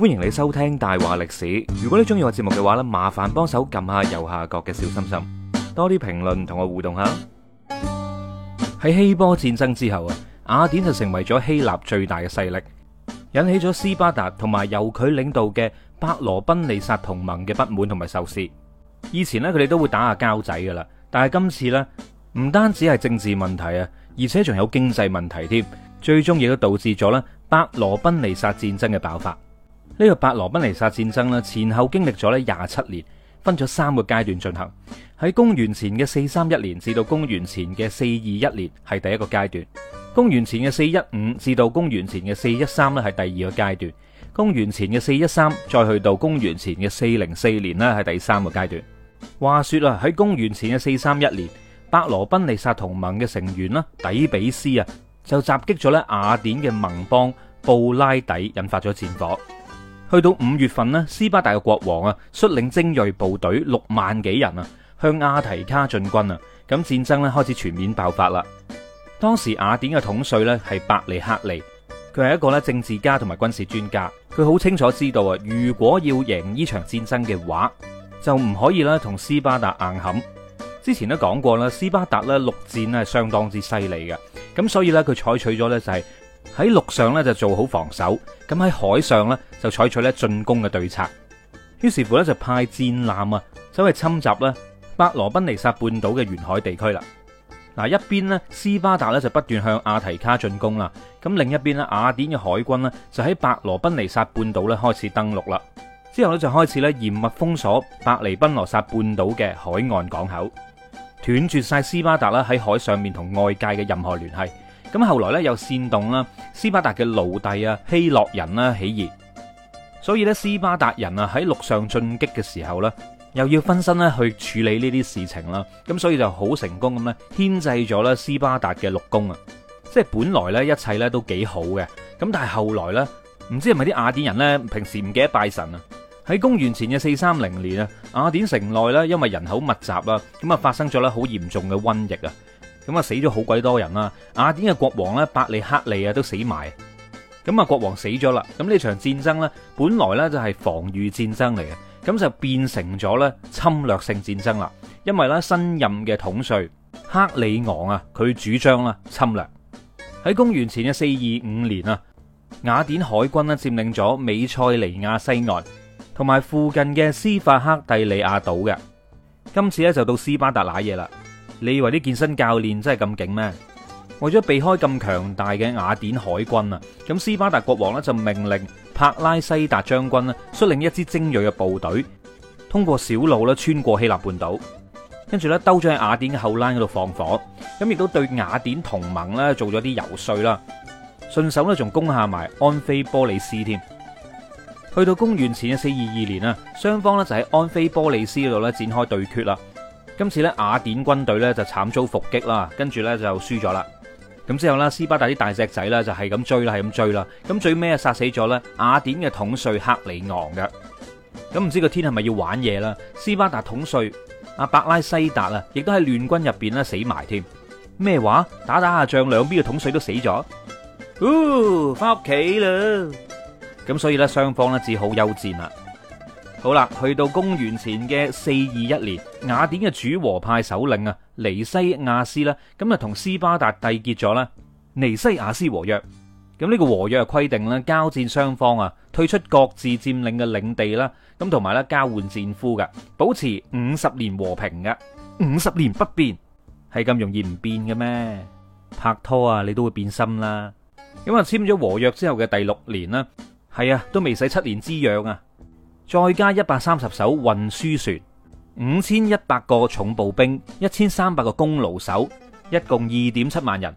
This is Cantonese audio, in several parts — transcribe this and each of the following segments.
歡迎你收聽大話歷史。如果你中意我節目嘅話呢，麻煩幫手撳下右下角嘅小心心，多啲評論同我互動下。喺希波戰爭之後啊，雅典就成為咗希臘最大嘅勢力，引起咗斯巴達同埋由佢領導嘅伯羅奔尼撒同盟嘅不滿同埋仇視。以前呢，佢哋都會打下交仔噶啦，但係今次呢，唔單止係政治問題啊，而且仲有經濟問題添，最終亦都導致咗呢伯羅奔尼撒戰爭嘅爆發。呢個伯羅奔尼撒戰爭啦，前後經歷咗咧廿七年，分咗三個階段進行。喺公元前嘅四三一年至到公元前嘅四二一年係第一個階段，公元前嘅四一五至到公元前嘅四一三咧係第二個階段，公元前嘅四一三再去到公元前嘅四零四年咧係第三個階段。話說啊，喺公元前嘅四三一年，伯羅奔尼撒同盟嘅成員啦，底比斯啊，就襲擊咗咧雅典嘅盟邦布拉底，引發咗戰火。去到五月份呢，斯巴達嘅國王啊率領精銳部隊六萬幾人啊向阿提卡進軍啊，咁戰爭咧開始全面爆發啦。當時雅典嘅統帥呢係伯利克利，佢係一個咧政治家同埋軍事專家，佢好清楚知道啊，如果要贏呢場戰爭嘅話，就唔可以咧同斯巴達硬撼。之前都講過啦，斯巴達咧陸戰咧係相當之犀利嘅，咁所以呢，佢採取咗呢就係、是。喺陸上咧就做好防守，咁喺海上咧就採取咧進攻嘅對策。於是乎咧就派戰艦啊，走去侵襲咧伯羅奔尼撒半島嘅沿海地區啦。嗱，一邊呢，斯巴達咧就不斷向阿提卡進攻啦。咁另一邊呢，雅典嘅海軍呢，就喺伯羅奔尼撒半島咧開始登陸啦。之後咧就開始咧嚴密封鎖伯羅奔尼撒半島嘅海岸港口，斷絕晒斯巴達啦喺海上面同外界嘅任何聯繫。咁後來咧又煽動啦斯巴達嘅奴隸啊希洛人啦起義，所以咧斯巴達人啊喺陸上進擊嘅時候咧又要分身咧去處理呢啲事情啦，咁所以就好成功咁咧牽制咗咧斯巴達嘅陸攻啊，即係本來咧一切咧都幾好嘅，咁但係後來咧唔知係咪啲雅典人咧平時唔記得拜神啊，喺公元前嘅四三零年啊雅典城內咧因為人口密集啊，咁啊發生咗咧好嚴重嘅瘟疫啊。咁啊，死咗好鬼多人啦！雅典嘅國王咧，伯里克利啊，都死埋。咁啊，國王死咗啦。咁呢場戰爭呢，本來呢就係防禦戰爭嚟嘅，咁就變成咗呢侵略性戰爭啦。因為呢，新任嘅統帥克里昂啊，佢主張啦侵略。喺公元前嘅四二五年啊，雅典海軍呢佔領咗美塞尼亞西岸同埋附近嘅斯法克蒂利亞島嘅。今次呢，就到斯巴達拿嘢啦。你以為啲健身教練真係咁勁咩？為咗避開咁強大嘅雅典海軍啊，咁斯巴達國王咧就命令柏拉西達將軍咧率領一支精銳嘅部隊，通過小路咧穿過希臘半島，跟住咧兜咗喺雅典嘅後欄嗰度放火，咁亦都對雅典同盟咧做咗啲游說啦，順手咧仲攻下埋安菲波利斯添。去到公元前四二二年啊，雙方咧就喺安菲波利斯嗰度咧展開對決啦。今次咧雅典軍隊咧就慘遭伏擊啦，跟住咧就輸咗啦。咁之後咧斯巴達啲大隻仔咧就係咁追啦，係咁追啦。咁最尾啊殺死咗咧雅典嘅統帥克里昂嘅。咁唔知個天係咪要玩嘢啦？斯巴達統帥阿伯拉西達啊，亦都係亂軍入邊咧死埋添。咩話？打打下仗兩邊嘅統帥都死咗。嗚，翻屋企啦。咁所以咧雙方咧只好休戰啦。好啦，去到公元前嘅四二一年，雅典嘅主和派首領啊，尼西亞斯啦，咁啊同斯巴達締結咗啦尼西亞斯和約。咁、這、呢個和約啊規定啦，交戰雙方啊退出各自佔領嘅領地啦，咁同埋咧交換戰俘噶，保持五十年和平噶，五十年不變，係咁容易唔變嘅咩？拍拖啊，你都會變心啦。咁啊簽咗和約之後嘅第六年啦，係啊都未使七年之癢啊。再加一百三十艘運輸船，五千一百個重步兵，一千三百個功勞手，一共二點七萬人，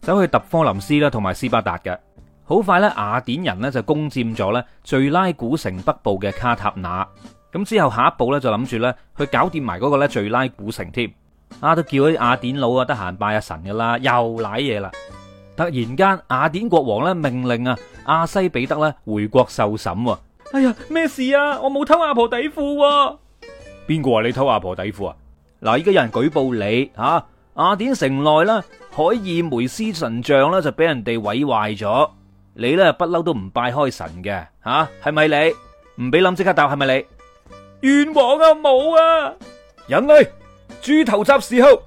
走去特科林斯啦，同埋斯巴達嘅。好快呢，雅典人呢就攻佔咗呢敘拉古城北部嘅卡塔那。咁之後下一步呢，就諗住呢去搞掂埋嗰個呢敘拉古城添啊。啊都叫啲雅典佬啊得閒拜下神噶啦，又瀨嘢啦。突然間，雅典國王呢命令啊亞西比德呢，回國受審。哎呀，咩事啊？我冇偷阿婆底褲啊！邊個話你偷阿婆底褲啊？嗱，依家有人舉報你吓，雅典城內啦，海爾梅斯神像啦就俾人哋毀壞咗，你咧不嬲都唔拜開神嘅吓，係咪你？唔俾諗即刻答，係咪你？冤枉啊！冇啊！人類豬頭嗰時候，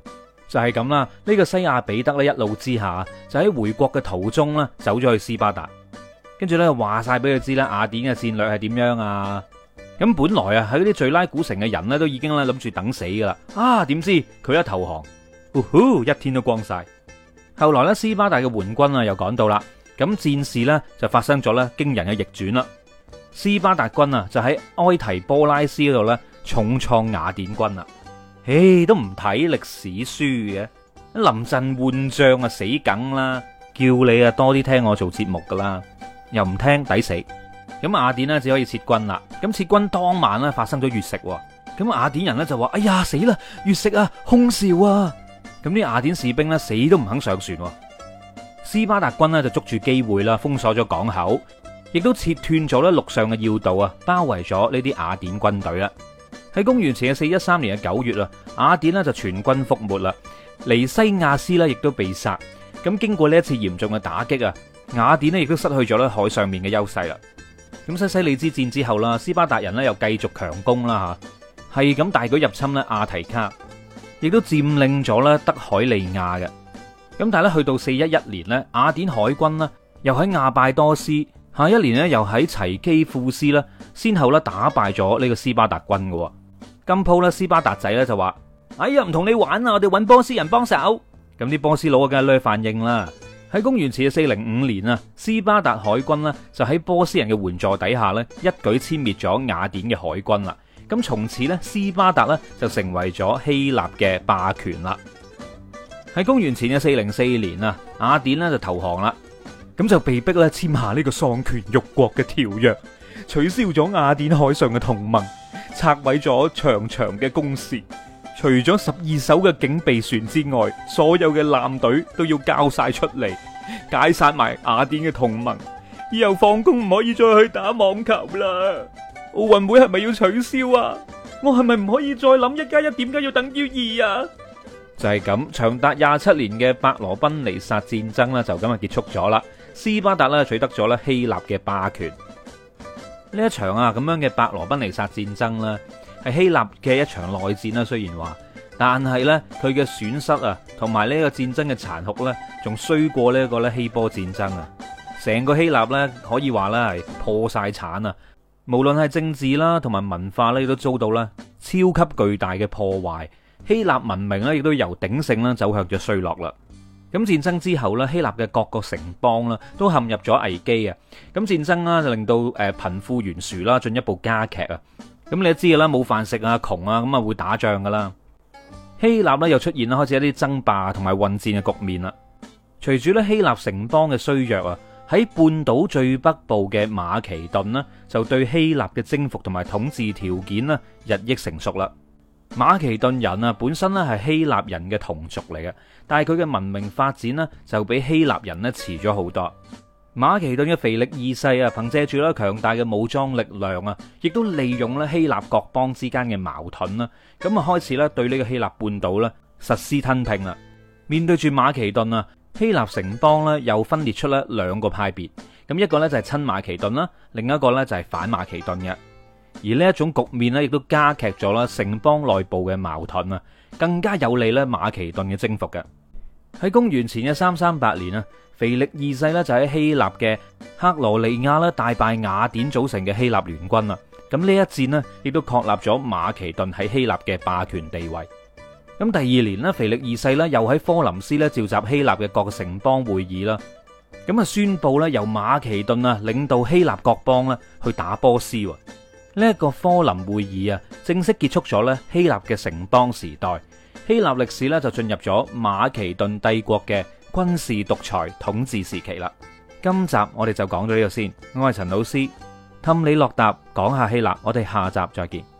就係咁啦，呢個西亞彼得咧一怒之下就喺回國嘅途中咧走咗去斯巴達。跟住咧，話晒俾佢知啦。雅典嘅戰略係點樣啊？咁本來啊，喺啲敘拉古城嘅人呢，都已經咧諗住等死噶啦。啊，點知佢一投降，嗚呼，一天都光晒。後來呢，斯巴達嘅援軍啊，又趕到啦。咁戰事呢，就發生咗呢驚人嘅逆轉啦。斯巴達軍啊，就喺埃提波拉斯嗰度呢，重創雅典軍啦。唉，都唔睇歷史書嘅，臨陣換將啊，死梗啦！叫你啊，多啲聽我做節目噶啦。又唔聽抵死，咁雅典呢，只可以撤軍啦。咁撤軍當晚咧發生咗月食，咁雅典人呢，就話：哎呀死啦！月食啊，兇兆啊！咁啲雅典士兵呢，死都唔肯上船。斯巴達軍呢，就捉住機會啦，封鎖咗港口，亦都切斷咗咧陸上嘅要道啊，包圍咗呢啲雅典軍隊啦。喺公元前四一三年嘅九月啊，雅典呢，就全軍覆沒啦。尼西亞斯呢，亦都被殺。咁經過呢一次嚴重嘅打擊啊！雅典咧亦都失去咗咧海上面嘅優勢啦。咁西西里之戰之後啦，斯巴達人咧又繼續強攻啦吓，係咁大舉入侵咧亞提卡，亦都佔領咗咧德海利亞嘅。咁但係咧去到四一一年咧，雅典海軍咧又喺亞拜多斯，下一年咧又喺齊基庫斯啦，先後咧打敗咗呢個斯巴達軍嘅。今鋪咧斯巴達仔咧就話：哎呀，唔同你玩啊，我哋搵波斯人幫手。咁啲波斯佬梗係攞反應啦。喺公元前嘅四零五年啊，斯巴達海軍咧就喺波斯人嘅援助底下咧，一舉殲滅咗雅典嘅海軍啦。咁從此咧，斯巴達咧就成為咗希臘嘅霸權啦。喺公元前嘅四零四年啊，雅典咧就投降啦，咁就被逼咧簽下呢個喪權辱國嘅條約，取消咗雅典海上嘅同盟，拆毀咗長長嘅工事。除咗十二艘嘅警備船之外，所有嘅艦隊都要交晒出嚟，解散埋雅典嘅同盟，以後放工唔可以再去打網球啦。奧運會係咪要取消啊？我係咪唔可以再諗一加一點解要等於二啊？就係咁，長達廿七年嘅伯羅奔尼撒戰爭呢就咁就結束咗啦。斯巴達呢取得咗啦希臘嘅霸權。呢一場啊咁樣嘅伯羅奔尼撒戰爭啦、啊。係希臘嘅一場內戰啦，雖然話，但係呢，佢嘅損失啊，同埋呢一個戰爭嘅殘酷呢，仲衰過呢一個咧希波戰爭啊！成個希臘呢，可以話呢係破晒產啊！無論係政治啦、啊，同埋文化呢、啊，都遭到咧超級巨大嘅破壞。希臘文明呢，亦都由鼎盛咧走向咗衰落啦。咁戰爭之後呢，希臘嘅各個城邦啦，都陷入咗危機啊！咁戰爭啦，就令到誒、呃、貧富懸殊啦、啊，進一步加劇啊！咁你知嘅啦，冇飯食啊，窮啊，咁啊會打仗噶啦。希臘咧，又出現啦，開始一啲爭霸同埋混戰嘅局面啦。隨住咧希臘城邦嘅衰弱啊，喺半島最北部嘅馬其頓呢，就對希臘嘅征服同埋統治條件呢，日益成熟啦。馬其頓人啊，本身呢係希臘人嘅同族嚟嘅，但係佢嘅文明發展呢，就比希臘人呢遲咗好多。馬其頓嘅腓力二世啊，憑借住咧強大嘅武裝力量啊，亦都利用咧希臘各邦之間嘅矛盾啦，咁啊開始咧對呢個希臘半島咧實施吞並啦。面對住馬其頓啊，希臘城邦咧又分裂出咧兩個派別，咁一個咧就係親馬其頓啦，另一個咧就係反馬其頓嘅。而呢一種局面咧，亦都加劇咗咧城邦內部嘅矛盾啊，更加有利咧馬其頓嘅征服嘅。喺公元前嘅三三八年啊，腓力二世咧就喺希臘嘅克羅利亞咧大敗雅典組成嘅希臘聯軍啦。咁呢一戰咧，亦都確立咗馬其頓喺希臘嘅霸權地位。咁第二年咧，腓力二世咧又喺科林斯咧召集希臘嘅各城邦會議啦。咁啊宣布咧由馬其頓啊領導希臘各邦啦去打波斯。呢一個科林會議啊，正式結束咗咧希臘嘅城邦時代。希臘歷史咧就進入咗馬其頓帝國嘅軍事獨裁統治時期啦。今集我哋就講到呢度先。我係陳老師，氹你落答，講下希臘，我哋下集再見。